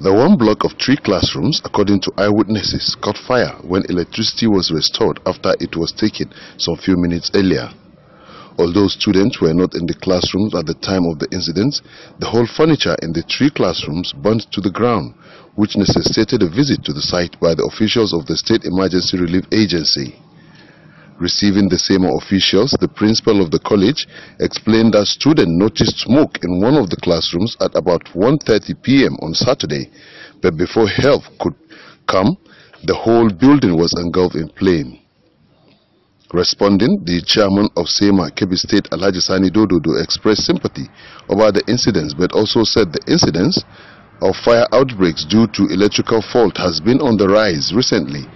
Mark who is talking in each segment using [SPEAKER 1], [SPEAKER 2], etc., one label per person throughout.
[SPEAKER 1] The one block of three classrooms, according to eyewitnesses, caught fire when electricity was restored after it was taken some few minutes earlier. Although students were not in the classrooms at the time of the incident, the whole furniture in the three classrooms burned to the ground, which necessitated a visit to the site by the officials of the State Emergency Relief Agency. Receiving the same officials, the principal of the college explained that students noticed smoke in one of the classrooms at about 1.30 p.m. on Saturday, but before help could come, the whole building was engulfed in flame. Responding, the chairman of SEMA, Kebbi State, Alhaji Sani Dododo, expressed sympathy over the incidents, but also said the incidents of fire outbreaks due to electrical fault has been on the rise recently,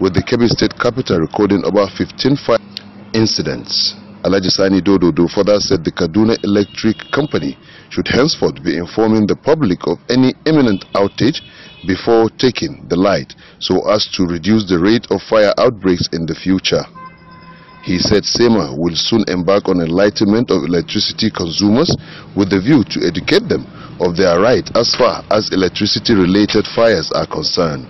[SPEAKER 1] with the Kebbi State capital recording about 15 fire incidents. Alajisani Dodo Dododo further said the Kaduna Electric Company should henceforth be informing the public of any imminent outage before taking the light so as to reduce the rate of fire outbreaks in the future. He said SEMA will soon embark on enlightenment of electricity consumers with the view to educate them of their right as far as electricity related fires are concerned.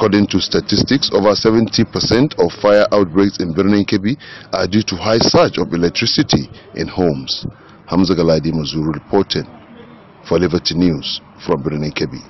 [SPEAKER 1] According to statistics, over 70% of fire outbreaks in Birnin Kebi are due to high surge of electricity in homes. Hamza Galadi Mazuru reported for Liberty News from Birnin Kebi.